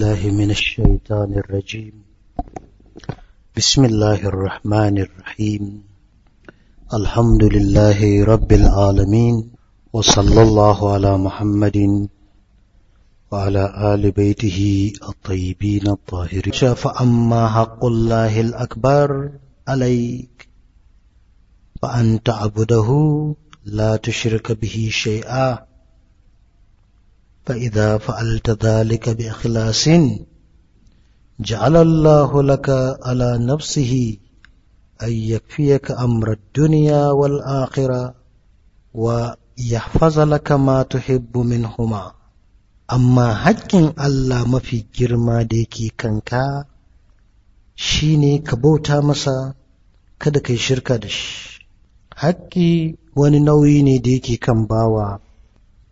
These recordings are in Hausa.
الله من الشيطان الرجيم بسم الله الرحمن الرحيم الحمد لله رب العالمين وصلى الله على محمد وعلى آل بيته الطيبين الطاهرين فأما حق الله الأكبر عليك فأن تعبده لا تشرك به شيئا فإذا فعلت ذلك بإخلاص جعل الله لك على نفسه أن يكفيك أمر الدنيا والآخرة ويحفظ لك ما تحب منهما amma haƙƙin Allah mafi girma da yake kanka shi ne ka bauta masa kada ka shirka da shi haƙƙi wani nauyi ne da yake kan bawa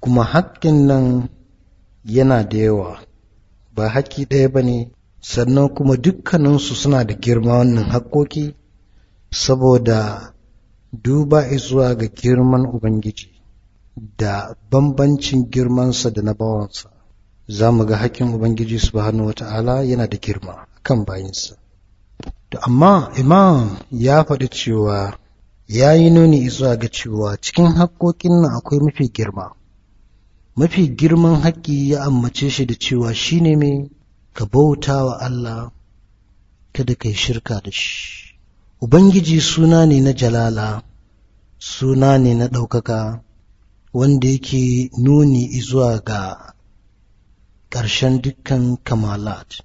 kuma haƙƙin nan yana da yawa ba haƙƙi ɗaya ba ne sannan kuma dukkaninsu suna da girma wannan haƙƙoƙi saboda duba zuwa ga girman ubangiji da bambancin girmansa da na bawansa za mu ga haƙƙin ubangiji su ba hannu wata'ala yana da girma kan bayinsa to amma imam ya faɗi cewa ya yi nuni zuwa ga cewa cikin haƙƙoƙin nan akwai mafi girma mafi girman haƙƙi ya ammace shi da cewa shi ne mai ka bauta wa Allah kada ka yi shirka da shi ubangiji suna ne na jalala suna ne na ɗaukaka wanda yake nuni zuwa ga ƙarshen dukkan kamalat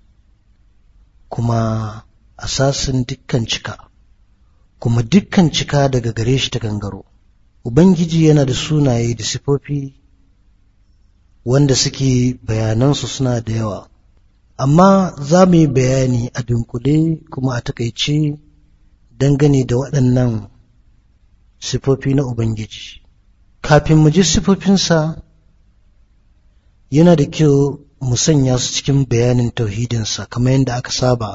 kuma asasin dukkan cika kuma dukkan cika daga gare shi ta gangaro ubangiji yana da sunaye da sifofi wanda suke bayanansu suna da yawa amma za mu yi bayani a dunkule kuma a takaice dangane da waɗannan sifofi na ubangiji kafin mu ji sifofinsa yana da kyau mu sanya su cikin bayanin tauhidinsa kamar yadda aka saba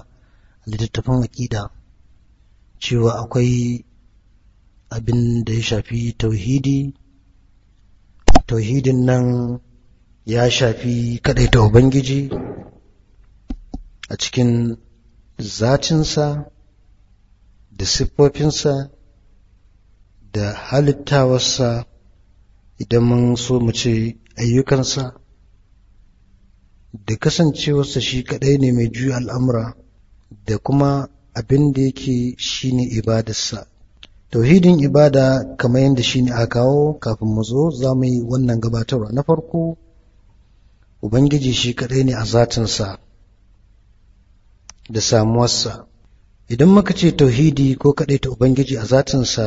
a littattafan aƙida cewa akwai abin da ya shafi tauhidi tauhidin nan ya shafi kaɗai ta ubangiji a cikin zacinsa da siffofinsa da halittawarsa idan mun so mu ce ayyukansa da kasancewarsa shi kaɗai ne mai juya al'amura da kuma abin da yake ne ibadarsa tauhidin ibada kamar yadda shi ne a kawo kafin mu zo za mu yi wannan gabatarwa na farko ubangiji shi kaɗai ne a zatinsa da samuwarsa idan muka ce tauhidi ko kaɗai ta ubangiji a zatinsa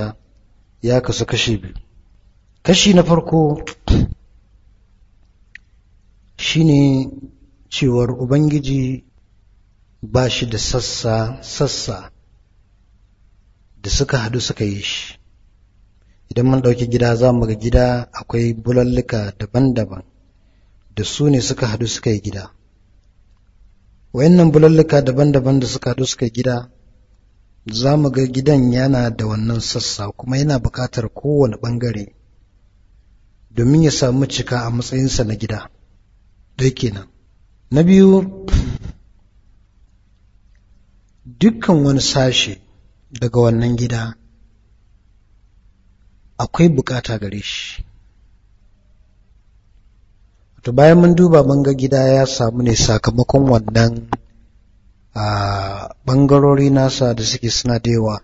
ya kasu kashi biyu kashi na farko shi ne cewar ubangiji ba shi da sassa sassa da suka haɗu suka yi shi idan mun ɗauki gida za mu ga gida akwai bulallika daban-daban da su ne suka hadu suka yi gida wayannan bulalluka daban-daban da suka hadu suka yi gida za mu ga gidan yana da wannan sassa kuma yana buƙatar kowane ɓangare domin ya samu cika a matsayinsa na gida dai kenan na biyu dukkan wani sashe daga wannan gida akwai bukata gare shi to bayan mun duba mun gida ya samu ne sakamakon wannan a ɓangarori nasa da suke suna da yawa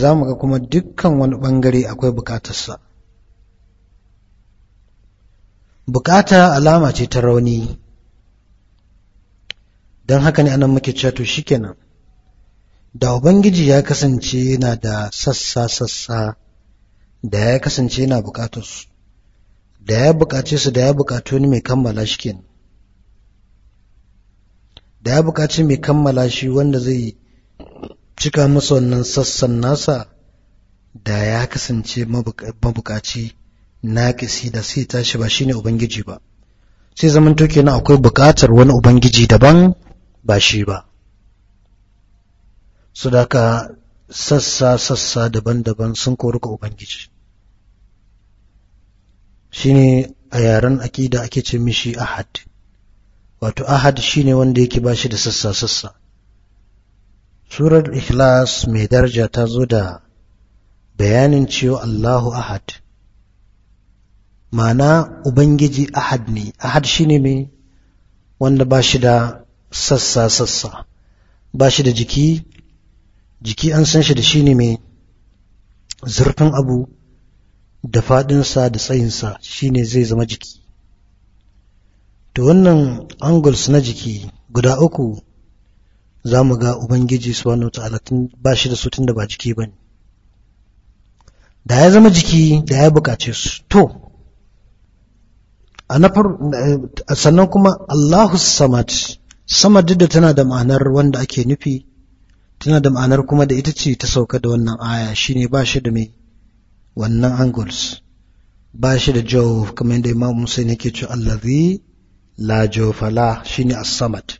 za mu ga kuma dukkan wani bangare akwai bukatarsa bukata alama ce ta rauni don haka ne anan muke cewa to kenan da ubangiji ya kasance yana da sassa-sassa da ya kasance yana bukatarsu da ya bukace su da ya bukaci wani mai kammala shi kenan da ya bukaci mai kammala shi wanda zai cika masa wannan sassan nasa da ya kasance mabukaci kisi da sai tashi ba shine ubangiji ba sai zaman to kenan akwai bukatar wani ubangiji daban ba shi ba su da sassa sassa daban-daban sun koruka ka ubangiji shine a yaren aƙida ake ce mishi ahad wato ahad shine wanda yake bashi da sassa-sassa surar ikhlas mai daraja ta zo da bayanin cewa allahu ahad Mana ubangiji ahad ne ahad shine mai wanda ba da sassa-sassa ba da jiki jiki an san shi da shi mai zurfin abu da faɗinsa da tsayinsa shi ne zai zama jiki ta wannan angles na jiki guda uku za mu ga ubangiji su wani wata tun ba shi da su tun da ba jiki bane da ya zama jiki da ya bukace su to a eh, sannan kuma Allahu samad samad da tana da ma'anar wanda ake nufi tana da ma'anar kuma da ita ce ta sauka da wannan aya shine ba shi da mai wannan angles ba shi da jawf kamar yadda imam musa yake ce allazi la jawfala shine as-samad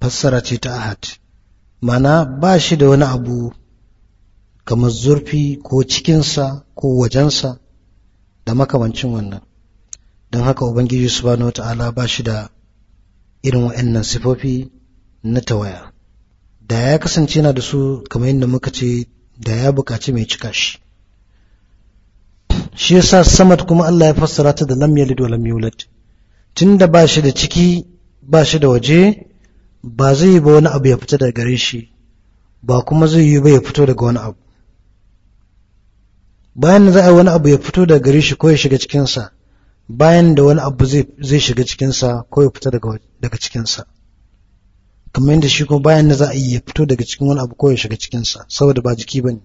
fassara ce ta ahad mana ba shi da wani abu kamar zurfi ko cikinsa ko wajensa da makamancin wannan don haka ubangiji subhanahu wa ta'ala ba shi da irin wa'annan sifofi na tawaya da ya kasance na da su kamar yadda muka ce da ya buƙaci mai cika shi shi yasa samad kuma Allah ya fassara ta da lam yalid wa lam yulad tunda ba shi da ciki ba shi da waje ba zai yi ba wani abu ya fita daga gare shi ba kuma zai yi ba ya fito daga wani abu bayan da za a yi wani abu ya fito daga gare shi ko ya shiga cikinsa bayan da wani abu zai shiga cikinsa ko ya fita daga cikinsa kamar yadda shi kuma bayan da za a yi ya fito daga cikin wani abu ko ya shiga cikinsa saboda ba jiki ba ne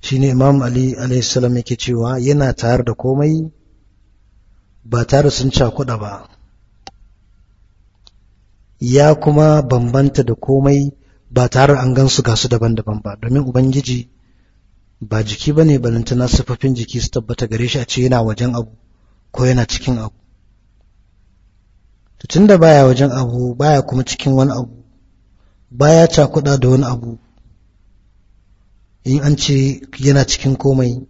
shine imam ali alaihissalam yake cewa yana tare da komai ba tare sun cakuɗa ba ya kuma bambanta da komai ba tare an gansu gasu daban-daban ba domin ubangiji ba jiki ba ne balantana siffafin jiki su tabbata gare shi a ce yana wajen abu ko yana cikin abu tun da baya wajen abu baya kuma cikin wani abu baya cakuɗa da wani abu in an ce yana cikin komai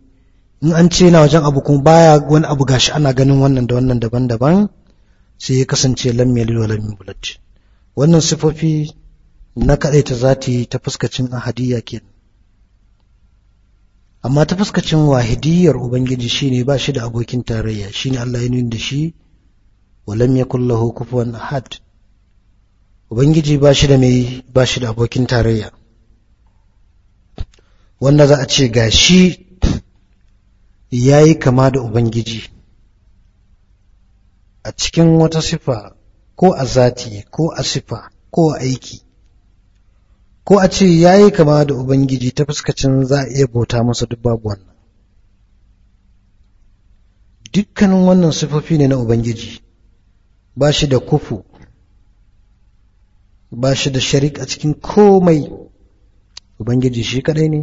in an ce yana wajen abu kuma baya wani abu gashi ana ganin wannan da wannan daban-daban sai ya kasance lam yalid wa lam wannan sifofi na ta zati ta fuskacin ahadiyya ke amma ta fuskacin wahidiyar ubangiji shine ba shi da abokin tarayya shine Allah ya nuna da shi wa lam yakul lahu kufuwan ahad ubangiji ba shi da mai ba shi da abokin tarayya wanda za a ce ga shi ya yi kama da Ubangiji a cikin wata sifa ko a zati ko a sifa ko a aiki ko a ce ya yi kama da Ubangiji ta fuskacin za a iya bauta masa duk babu wannan dukkanin wannan sifofi ne na Ubangiji ba shi da kufu ba shi da sharik a cikin komai Ubangiji shi kadai ne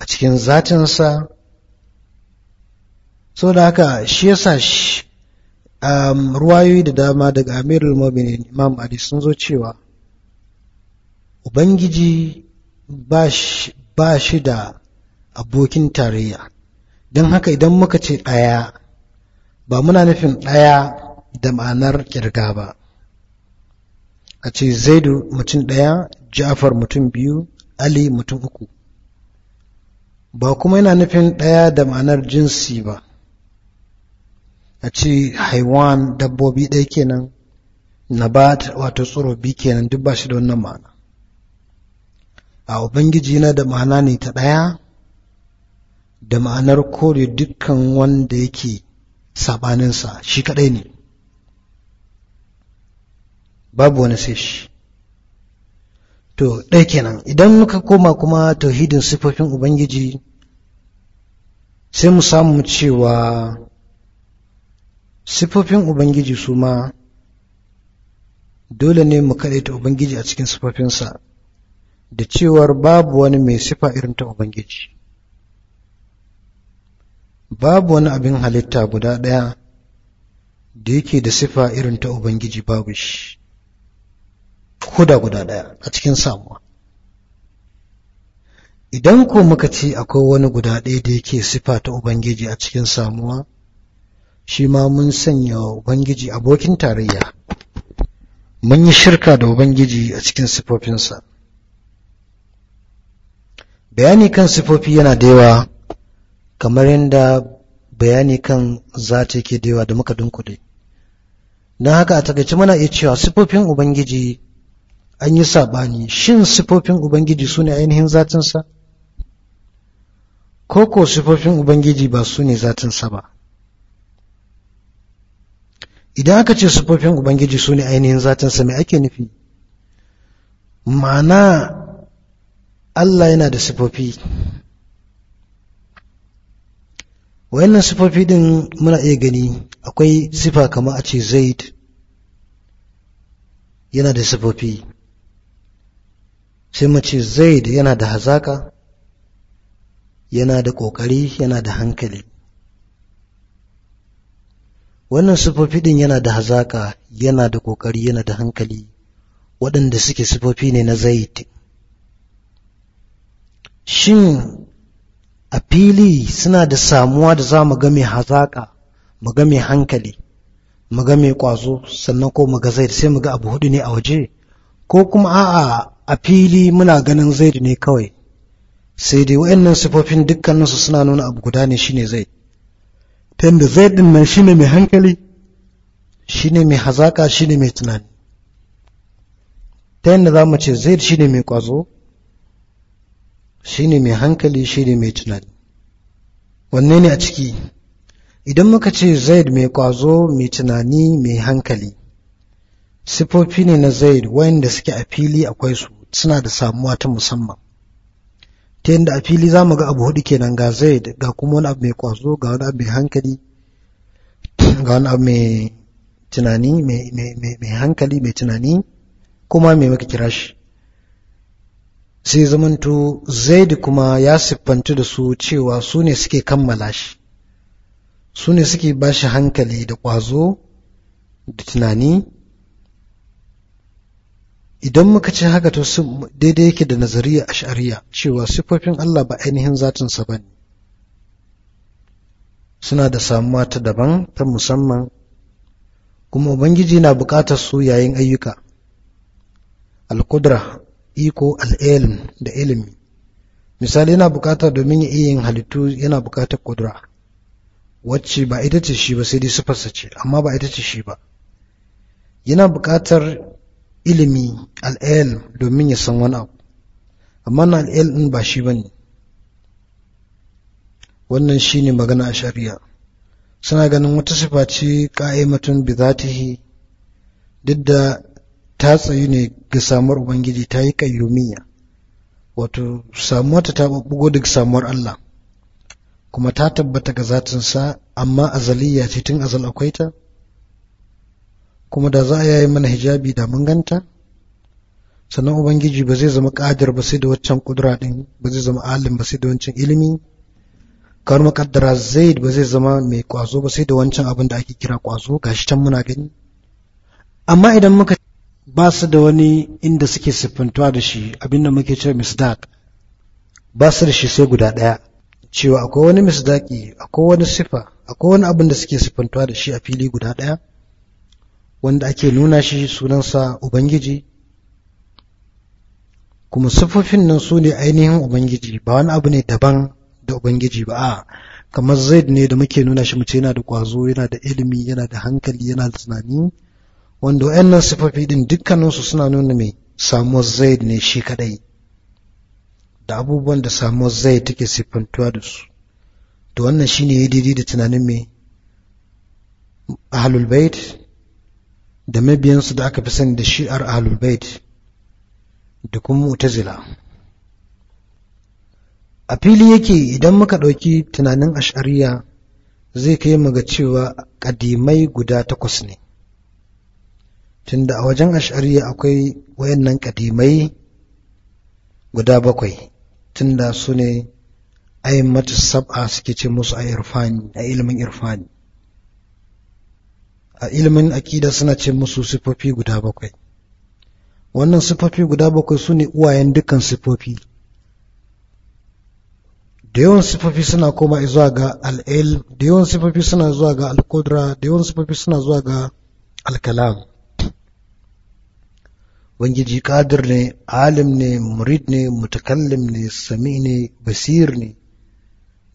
a cikin zatinsa so da haka shi yasa um, ruwayoyi da dama daga amirul muminin imam ali sun zo cewa ubangiji ba shi da abokin tarayya don haka idan muka ce ɗaya ba muna nufin ɗaya da ma'anar kirga ba a ce zaidu mutum ɗaya ja'far mutum biyu ali mutum uku ba kuma yana nufin ɗaya da ma'anar jinsi ba a ce haiwan dabbobi ɗaya kenan na ba wato tsorobi kenan duk ba shi da wannan ma'ana a ubangiji na da ma'ana ne ta ɗaya da ma'anar kore dukkan wanda yake saɓaninsa shi kaɗai ne babu wani sai shi to ɗaya kenan idan muka koma kuma tauhidin sifofin ubangiji sai mu samu cewa sifofin ubangiji su ma dole ne mu ta ubangiji a cikin sifofinsa da cewar babu wani mai sifa irin ta ubangiji babu wani abin halitta guda ɗaya da yake da sifa irin ta ubangiji babu shi koda guda ɗaya a cikin samuwa idan ko muka ce akwai wani guda ɗaya da yake sifa ta ubangiji a cikin samuwa shi ma mun sanya ubangiji abokin tarayya mun yi shirka da ubangiji a cikin sifofinsa bayani kan sifofi yana da yawa kamar yadda bayani kan zata yake da yawa da muka dunkule don haka a takaice muna iya cewa sifofin ubangiji an yi saɓani shin sifofin ubangiji su ne ainihin zatinsa ko ko sifofin ubangiji ba su ne zatinsa ba idan aka ce sifofin ubangiji su ne ainihin zatinsa mai ake nufi ma'ana allah yana da sifofi wayannan sifofi din muna iya gani akwai sifa kama a ce zaid yana da sifofi sai mu ce zaid yana da hazaka yana da ƙoƙari yana da hankali wannan sufofi ɗin yana da hazaka yana da ƙoƙari yana da hankali waɗanda suke sufofi ne na zaid shin a fili suna da samuwa da za mu ga mai hazaka mu ga mai hankali mu ga mai ƙwazo sannan ko mu ga zaid sai mu ga abu hudu ne a waje ko kuma a'a a fili muna ganin zaid ne kawai sai dai wayannan sifofin dukkaninsu suna nuna abu guda ne shine zaid tunda zaid din nan shine mai hankali shine mai hazaka shine mai tunani ta yadda za mu ce zaid shine mai kwazo shine mai hankali shine mai tunani wanne ne a ciki idan muka ce zaid mai kwazo mai tunani mai hankali sifofi ne na zaid wayanda suke a fili akwai su suna da samuwa ta musamman ta yadda a fili za mu ga abu hudu kenan ga zai ga kuma wani abu mai kwazo ga wani abu mai hankali ga wani abu mai tunani mai hankali mai tunani kuma mai maka kira shi sai zamanto zaidi kuma ya siffantu da su cewa su ne suke kammala shi su ne suke ba shi hankali da kwazo da tunani idan muka ce haka to daidai yake da nazariya a ash'ariya cewa sifofin Allah ba ainihin zatinsa ba ne suna da samuwa ta daban ta musamman kuma ubangiji na bukatar su yayin ayyuka alkudra iko al'ilm da ilimi misali yana bukata domin ya iya yin halittu yana bukatar ƙudura. wacce ba ita ce shi ba sai dai siffarsa ce amma ba ita ce shi ba yana bukatar ilimi al'el domin ya san wani abu amma na al'el ɗin ba shi ba wannan shi ne magana a shari'a suna ganin wata sifa ce ƙa'imatun bi yi. duk da ta tsayu ne ga samuwar ubangiji ta yi ƙayyumiya wato samuwar ta taɓaɓɓugo daga samuwar Allah kuma ta tabbata ga zatinsa amma azaliya ce tun azal akwai ta kuma da za a yayi mana hijabi da mun ganta sannan ubangiji ba zai zama kadir ba sai da waccan kudura din ba zai zama alim ba sai da wancan ilimi kawar makaddara zaid ba zai zama mai kwazo ba sai da wancan abin da ake kira kwazo gashi can muna gani amma idan muka ba su da wani inda suke siffantuwa da shi abin da muke cewa misdaq ba su da shi sai guda ɗaya cewa akwai wani misdaqi akwai wani sifa akwai wani abin da suke siffantuwa da shi a fili guda ɗaya wanda ake nuna shi sunansa ubangiji kuma siffofin nan su ne ainihin ubangiji ba wani abu ne daban da ubangiji ba a kamar zaid ne da muke nuna shi mace yana da kwazo yana da ilimi yana da hankali yana da tunani wanda wayannan siffofi din dukkaninsu suna nuna mai samuwar zaid ne shi kadai da abubuwan da samuwar zaid take siffantuwa da su to wannan shine ya daidai da tunanin mai ahlul bait da mabiyansu da aka fi sani da shi'ar ahlul bait da kuma mu'tazila a fili yake idan muka ɗauki tunanin ash'ariya zai kai mu ga cewa ƙadimai guda takwas ne tunda a wajen ash'ariya akwai wayannan ƙadimai guda bakwai tunda su ne ayin mata sab'a suke ce musu a irfani a ilimin irfani a ilimin akida suna ce musu sifofi guda bakwai wannan sifofi guda bakwai su ne uwayen dukkan sifofi da yawan sifofi suna koma zuwa ga al'il da yawan sifofi suna zuwa ga al'kudura da yawan sifofi suna zuwa ga al'kalam wangiji kadir ne alim ne murid ne mutakallim ne sami ne basir ne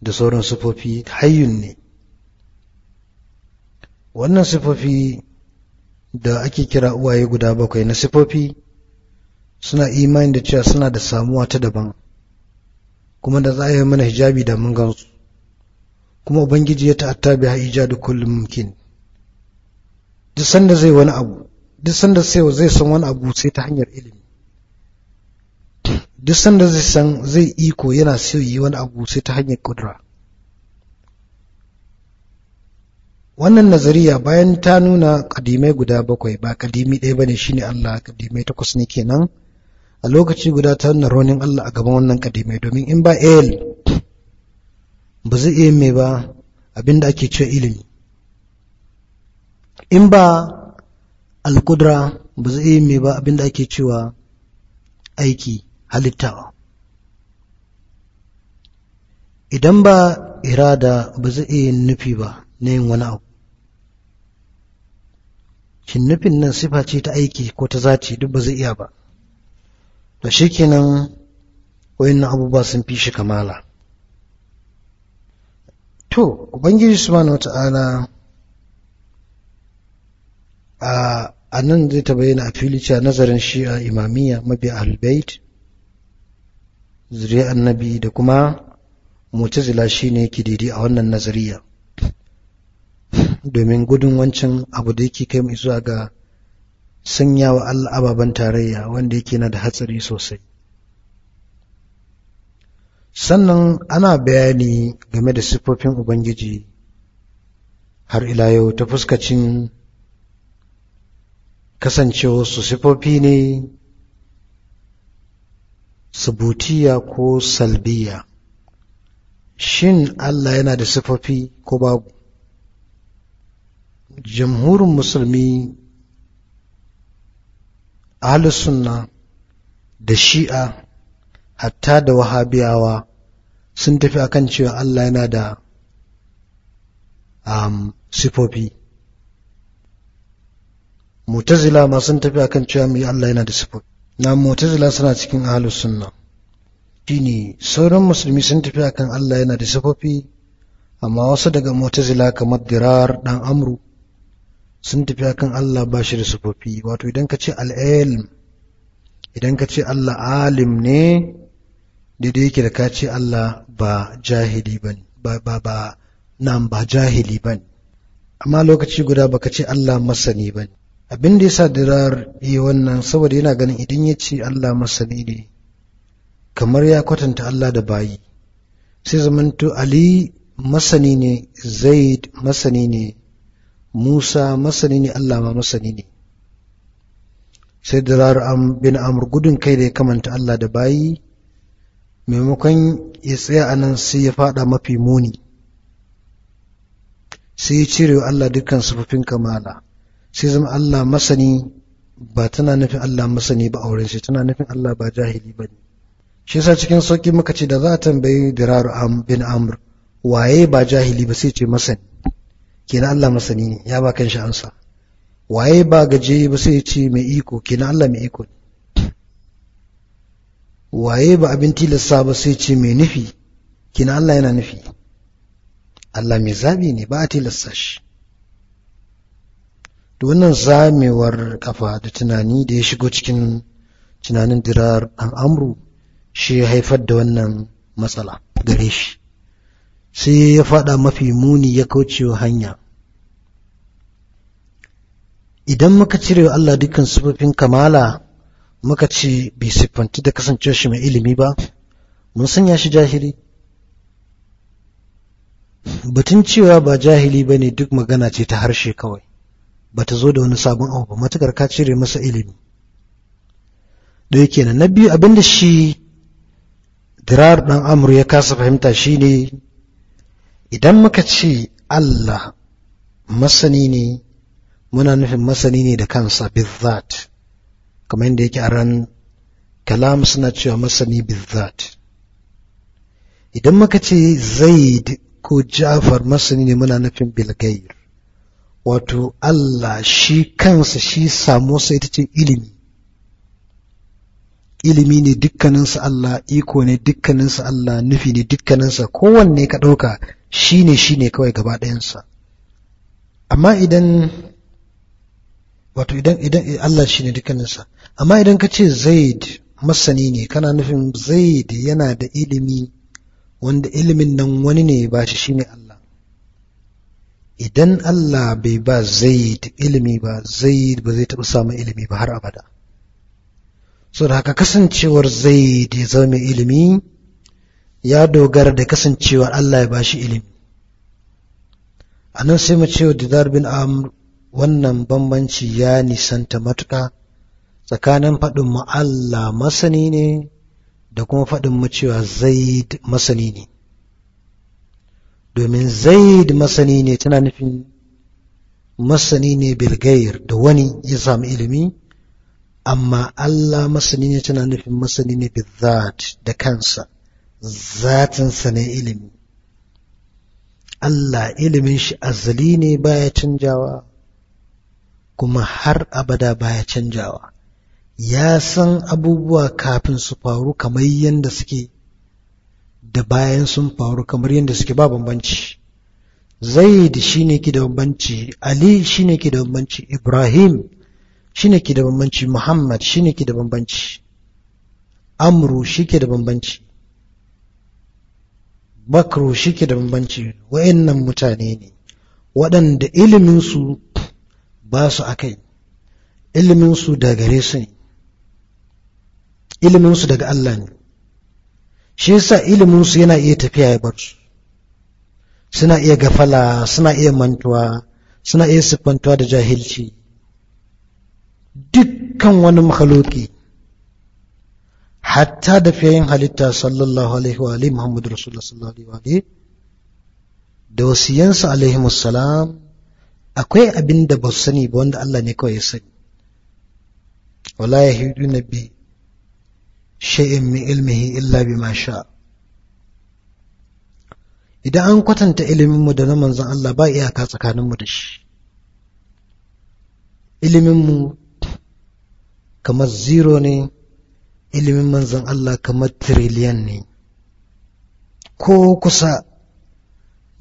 da sauran sifofi hayyun ne wannan sifofi da ake kira uwaye guda bakwai na sifofi suna imani da cewa suna da samuwa ta daban kuma da za a yi mana hijabi da mun gansu kuma ubangiji ya ta'atta bi ha ijadu kullum mumkin duk sanda zai wani abu duk sanda sai zai san wani abu sai ta hanyar ilimi duk sanda zai san zai iko yana sai yi wani abu sai ta hanyar kudura wannan nazariya bayan ta nuna kadimai guda bakwai ba kadimi ɗaya bane shine Allah kadimai takwas ne kenan a lokaci guda ta nuna ronin Allah a gaban wannan kadimai domin in ba el ba zai iya mai ba abinda ake ce ilimi in ba alkudra ba zai iya mai ba abinda ake cewa aiki halittawa idan ba irada ba zai iya nufi ba na yin wani abu shin nufin nan sifa ce ta aiki ko ta zaci duk ba zai iya ba da shi kenan wayannan abubuwa sun fi shi kamala to ubangiji subhanahu wata'ala a a nan zai ta bayyana a fili cewa nazarin shi'a imamiyya mabi ahlulbait zuri'an annabi da kuma mutazila ne yake daidai a wannan nazariya domin gudun wancan abu da yake kai mai zuwa ga sanyawa Allah ababen tarayya wanda yake na da hatsari sosai sannan ana bayani game da siffofin ubangiji har ila yau ta fuskacin kasancewa su siffofi ne subutiya ko salbiya shin Allah yana da siffofi ko babu jamhurin musulmi sunna da shi'a hatta da wahabiyawa sun tafi akan cewa Allah yana da sifofi mutazila ma sun tafi akan cewa mai Allah yana da sifofi na mutazila suna cikin ahlus sunna shine sauran musulmi sun tafi akan Allah yana da sifofi amma wasu daga Motazila kamar dirar ɗan amru sun tafi akan Allah ba shi da sufofi wato idan ka ce al'ilm idan ka ce Allah alim ne daidai yake da ka ce Allah ba jahili ba ba ba nan ba jahili ba amma lokaci guda ba ka ce Allah masani ba abin da ya yasa dirar yi wannan saboda yana ganin idan ya ce Allah masani ne kamar ya kwatanta Allah da bayi sai zamanto Ali masani ne Zaid masani ne Musa masani ne Allah ma masani ne sai da zarar bin amur gudun kai da ya kamanta Allah da bayi maimakon ya tsaya a nan sai ya fada mafi muni sai ya cire Allah dukkan sufufin kamala sai zama Allah masani ba tana nufin Allah masani ba auren shi tana nufin Allah ba jahili ba ne shi yasa cikin sauki muka ce da za a tambayi diraru bin amur waye ba jahili ba sai ce masani kenan Allah masani ne ya ba kan shi ansa waye ba gaje ba sai ce mai iko kenan Allah mai iko waye ba abin tilasta ba sai ce mai nufi kenan Allah yana nufi Allah mai zabi ne ba a tilasta shi to wannan zamewar kafa da tunani da ya shigo cikin tunanin dirar amru shi haifar da wannan matsala gare shi sai ya faɗa mafi muni ya kaucewa hanya idan muka cire wa Allah dukkan sufofin kamala muka ce bai siffanci da kasance shi mai ilimi ba mun sanya shi jahili batun cewa ba jahili ba ne duk magana ce ta harshe kawai ba ta zo da wani sabon abu ba matukar ka cire masa ilimi da yake na biyu abinda shi dirar ɗan amur ya kasa fahimta shine idan muka ce Allah masani ne muna nufin masani ne da kansa bizzat kamar yadda yake a ran kalam suna cewa masani bizzat idan muka ce zaid ko jafar masani ne muna nufin bilgair wato Allah shi kansa shi samu sai ta ce ilimi ilimi ne dukkaninsa Allah iko ne dukkaninsa Allah nufi ne dukkaninsa kowanne ka ɗauka shi ne shi ne kawai gaba ɗayansa amma idan wato idan idan Allah shi ne dukkaninsa amma idan ka ce zaid masani ne kana nufin zaid yana da ilimi wanda ilimin nan wani ne ba shi shi ne Allah idan Allah bai ba zaid ilimi ba zaid ba zai taɓa samun ilimi ba har abada so da haka kasancewar zaid ya zama mai ilimi ya dogara da kasancewa Allah ya bashi ilimi a nan sai mu cewa didar bin amr wannan bambanci ya nisanta matuƙa tsakanin faɗin mu Allah masani ne da kuma faɗin mu cewa zaid masani ne domin zaid masani ne tana nufin masani ne bilgair da wani ya samu ilimi amma Allah masani ne tana nufin masani ne bizzat da kansa zatinsa ne ilimi Allah ilimin shi azali ne baya canjawa kuma har abada baya canjawa ya san abubuwa kafin su faru kamar yadda suke da bayan sun faru kamar yadda suke ba bambanci zaid shi ne ke da bambanci ali shi ne ke da bambanci ibrahim shi ne ke da bambanci muhammad shi ne ke da bambanci amru shi ke da bambanci makro shi ke da bambanci wa'annan mutane ne waɗanda iliminsu ba su a kai iliminsu da gare su ne iliminsu daga Allah ne shi sa iliminsu yana iya tafiya ya bar su suna iya gafala suna iya mantuwa suna iya siffantuwa da jahilci dukkan wani makhaloki hatta da fiyayin halitta sallallahu alaihi wa alihi muhammadu rasulullah sallallahu alaihi wa alihi da wasiyansa alaihi musallam akwai abin da ba su sani ba wanda Allah ne kawai ya sani wala ya hidu na bi shay'in min ilmihi illa bi ma sha idan an kwatanta iliminmu da na manzon Allah ba iyaka tsakaninmu da shi iliminmu kamar zero ne ilimin manzan Allah kamar tiriliyan ne ko kusa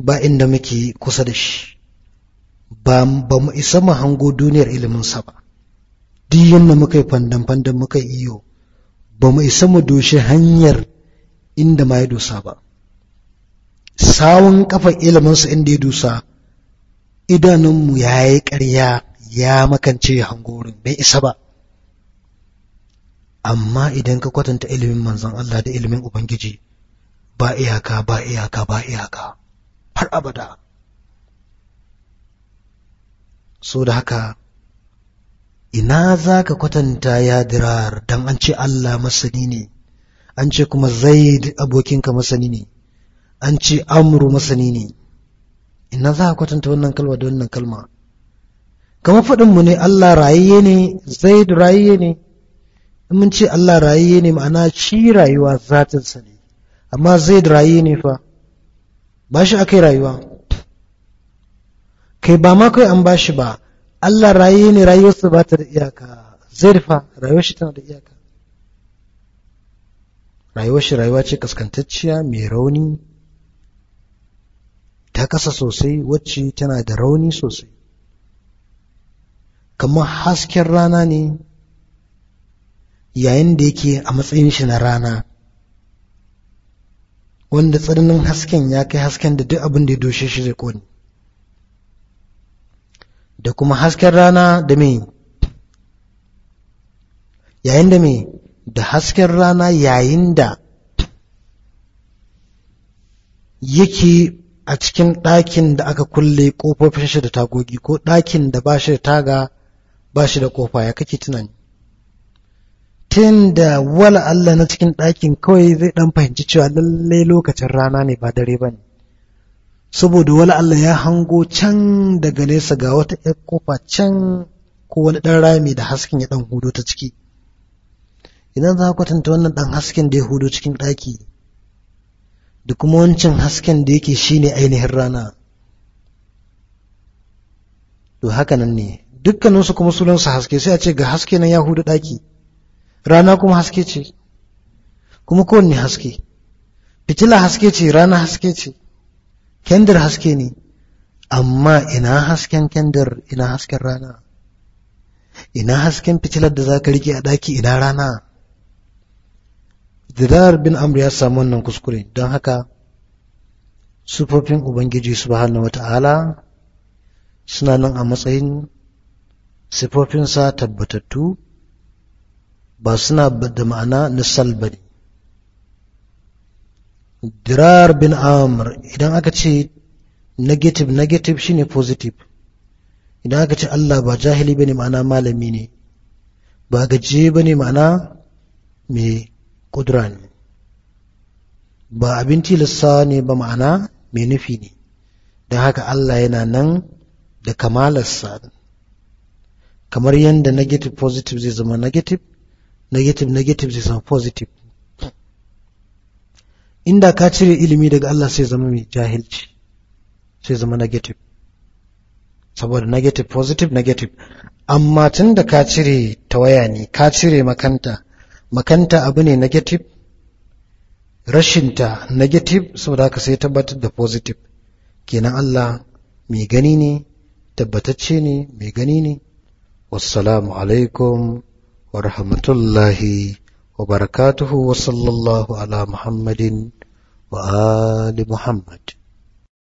ba inda muke kusa da shi ba mu isa mu hango duniyar iliminsa ba duk yadda muka fandan-fandan muka iyo ba mu isa mu doshi hanyar inda ma ya dusa ba sawun kafa iliminsa inda ya dusa idanunmu ya yi ƙarya ya makance hangorin bai isa ba amma idan ka kwatanta ilimin manzon Allah da ilimin Ubangiji ba iyaka ba iyaka ba iyaka har abada so da haka ina za ka kwatanta ya dirar don an ce Allah masani ne an ce kuma zaid abokinka masani ne an ce amru masani ne ina za a kwatanta wannan kalma da wannan kalma kamar faɗinmu ne Allah rayayye ne zaid rayayye ne mun ce Allah rayiye ne ma'ana shi rayuwa zatinsa ne amma zai rayiye ne fa ba shi akai rayuwa kai ba ma kai an ba shi ba Allah rayiye ne rayuwarsa ba ta da iyaka zai fa rayuwar shi tana da iyaka rayuwar shi rayuwa ce kaskantacciya mai rauni ta kasa sosai wacce tana da rauni sosai kamar hasken rana ne yayin da yake a matsayin shi na rana wanda tsananin hasken ya kai hasken da duk abin da ya doshe shi da kone da kuma hasken rana da me yayin da me da hasken rana yayin da yake a cikin ɗakin da aka kulle ƙofofin shi da tagogi ko ɗakin da ba shi da taga ba shi da ƙofa ya kake tunani tun da wala Allah na cikin ɗakin kawai zai ɗan fahimci cewa lallai lokacin rana ne ba dare ba ne saboda wala Allah ya hango can daga nesa ga wata ƴar kofa can ko wani ɗan rami da hasken ya ɗan hudo ta ciki idan za ka kwatanta wannan ɗan hasken da ya hudo cikin ɗaki da kuma wancan hasken da yake ne ainihin rana to haka nan ne dukkaninsu kuma sunansu haske sai a ce ga haske nan ya hudu ɗaki rana kuma haske ce kuma kowanne haske fitila haske ce rana haske ce kendir haske ne amma ina hasken kendir ina hasken rana ina hasken fitilar da za ka rike a ɗaki ina rana Zidar bin Amr ya samu wannan kuskure don haka sufofin Ubangiji su subhanahu wata'ala suna nan a matsayin sufofinsa tabbatattu ba suna da ma'ana na ne. dirar bin amr idan aka ce negative negative shine positive idan aka ce Allah ba jahili ba ne ma'ana malami ne ba gaje ne ma'ana mai kudura ne ba abin tilasta ne ba ma'ana mai nufi ne don haka Allah yana nan da kamalarsa kamar yadda negative positive zai zama negative negative negative zai zama positive inda ka cire ilimi daga Allah sai zama mai jahilci sai zama negative saboda negative positive negative amma tun da ka cire tawaya ne ka cire makanta makanta abu ne negative rashinta negative saboda haka sai tabbatar da positive kenan Allah mai gani ne tabbatacce ne mai gani ne wassalamu alaikum ورحمة الله وبركاته وصلى الله على محمد وآل محمد